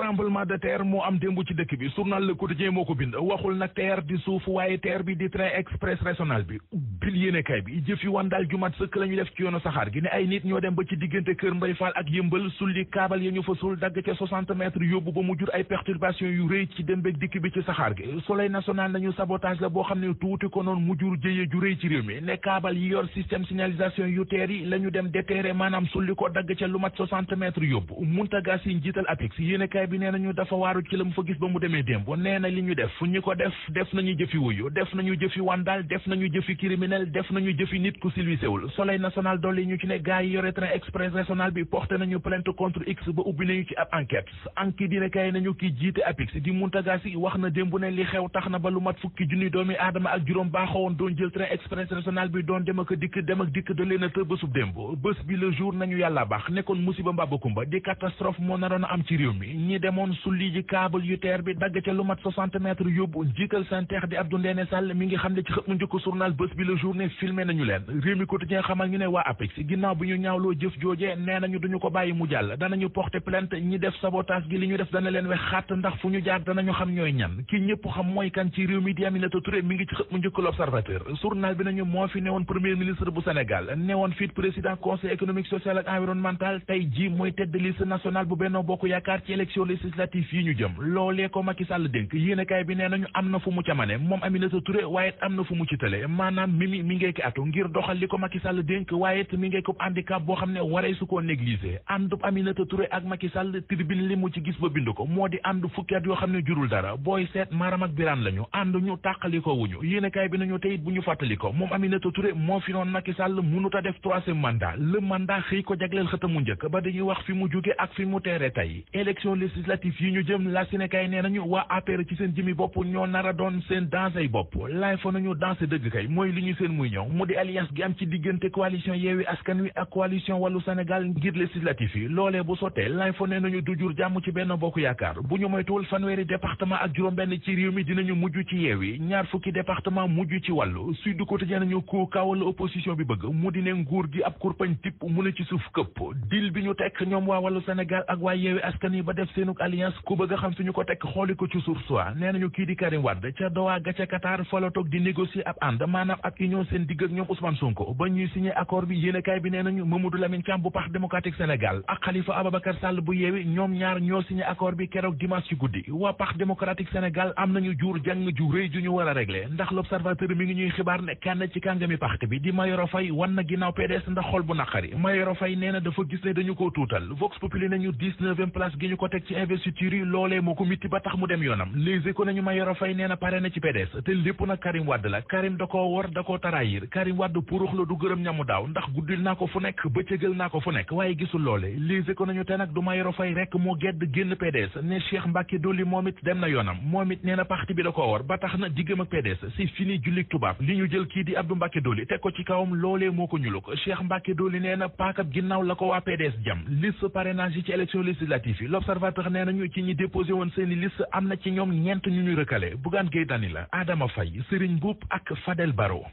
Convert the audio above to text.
tremblement de terre moo am démb ci dëkk bi journal Le Quotidien moo ko bind waxul nag terre di suuf waaye terre bi di train express régional bi bil yéene kay bi jëf yi wandal ju mat sëkk la ci yoonu saxaar yóbbu ba mu yi yor système signalisation si njiital bi nee nañu dafa waaru ci lam fa gis ba mu demee démb nee na li ñu def ñi ko def def nañu jëfi wuyu def nañu jëfi wandal def nañu jëfi criminel def nañu jëfi nit ku silwisewul soleil national dolli ñu ci ne gars yi yore train express régional bi porté nañu plainte contre x ba ubbi nañu ci ab enquête enquête kay nañu ki jiite ab x di Mountaga Sy wax na démb ne li xew tax na ba lu mat fukki junni doomi aadama ak juróom baaxowoon doon jël train express régional bi doon dem ba kumba di catastrophe moo naroon a am ci réew demoon su ji câble yu teer bi dagg ca lu mat 60 yóbbu jiital Senteex di Abdou Ndéné Sall mi ngi xam ne ci xët mu njëkk journal bés bi la journée filmé nañu leen réew mi quotidien xamal ñu ne waa APEX ginnaaw bi ñu ñaawloo jëf joojee nee nañu duñu ko bàyyi mu jàll danañu porter plainte ñi def sabotage gi li ñu def dana leen wex xàtt ndax fu ñu jaar danañu xam ñooy ñan ki ñëpp xam mooy kan ci réew mi di Aminata Touré mi ngi ci xët mu njëkk l'Observateur journal bi nañu moo législatif yi ñu jëm loolee ko Macky Sall dénk yéenekaay bi nee nañu am na fu mu ca mane moom Aminata Touré waaye am na fu mu ci tële maanaam mimi mi ngeeki atu ngir doxal ko Macky Sall dénk waaye mi ngeekub handicap boo xam ne waree su koo négliger àndub Aminata Touré ak Macky Sall tribune li mu ci gis ba bind ko moo di ànd fukki at yoo xam ne jurul dara booy seet maaram ak biraan lañu ànd ñu tàqaliko wuñu yéenekaay bi nañu teyit bu ñu fàttali ko moom Aminata Touré moo fi a def troisième mandat ba dañuy wax mu jóge législatif yi ñu jëm la Sénégal nee nañu waa a laay fa nee nañu du jur jàmm ci benn bokk yaakaar bu ñu moytuwul fanweeri département ak juróom-benn ci réew mi dinañu mujj ci Yewwi ñaar fukki département mujj ci Wallu Sud Quotidien nañu ko kawal opposition bi bëgg mu di nguur gi ab kurpañ tipp mu ne ci suuf këpp dil bi ñu tekk ñoom waa Wallu Sénégal ak waa Yewwi Askan ba def seen seenuk alliance ku bëgg a xam fi ñu ko tekk xooli ko ci source nee nañu kii di Karim Wade ca Doha ga ca Qatar fa di négocier ab ànd maanaam ab union seen digg ak ñoom Ousmane Sonko ba ñuy signé accord bi yéenekaay bi nee nañu Mamadou Lamine Thiam bu Parti démocratique Sénégal ak Khalifa Ababacar Sall bu Yewwi ñoom ñaar ñoo signé accord bi keroog dimanche ci guddi waa Parti démocratique Sénégal am nañu jur jàng ju ju ñu war a ndax l'observateur mi ngi ñuy ci investiture yi loolee moo ko mitti ba tax mu dem yoonam Les Échos nañu Mayoro Faye nee na pare na ci PDS te lépp nag Karim Wade la Karim da koo wor da koo tarayir Karim Wade purux la du gërëm ñamu daaw ndax guddil naa ko fu nekk bëccëgal naa ko fu nekk waaye gisul loole Les Échos nañu te nag du Mayoro Faye rek moo gedd génn PDS ne Cheikh Mbacke Dolly moom it dem na yoonam moom it nee na parti bi da ko wor ba tax na diggam ak PDS c'est fini jullik tubaab li ñu jël kii di Abdou Mbacke Dolly teg ko ci kawam loolee moo ko ñuluk Cheikh Mbacke Dolly nee na paakab ginnaaw la ko waa PDS jam liste parrainage yi ci élection législative yi sax nee nañu ci ñi déposé woon seeni liste am na ci ñoom ñeent ñu ñu rëkkale Bougane Gueye Dany la Adama Faye Serigne Mboup ak Fadel Barro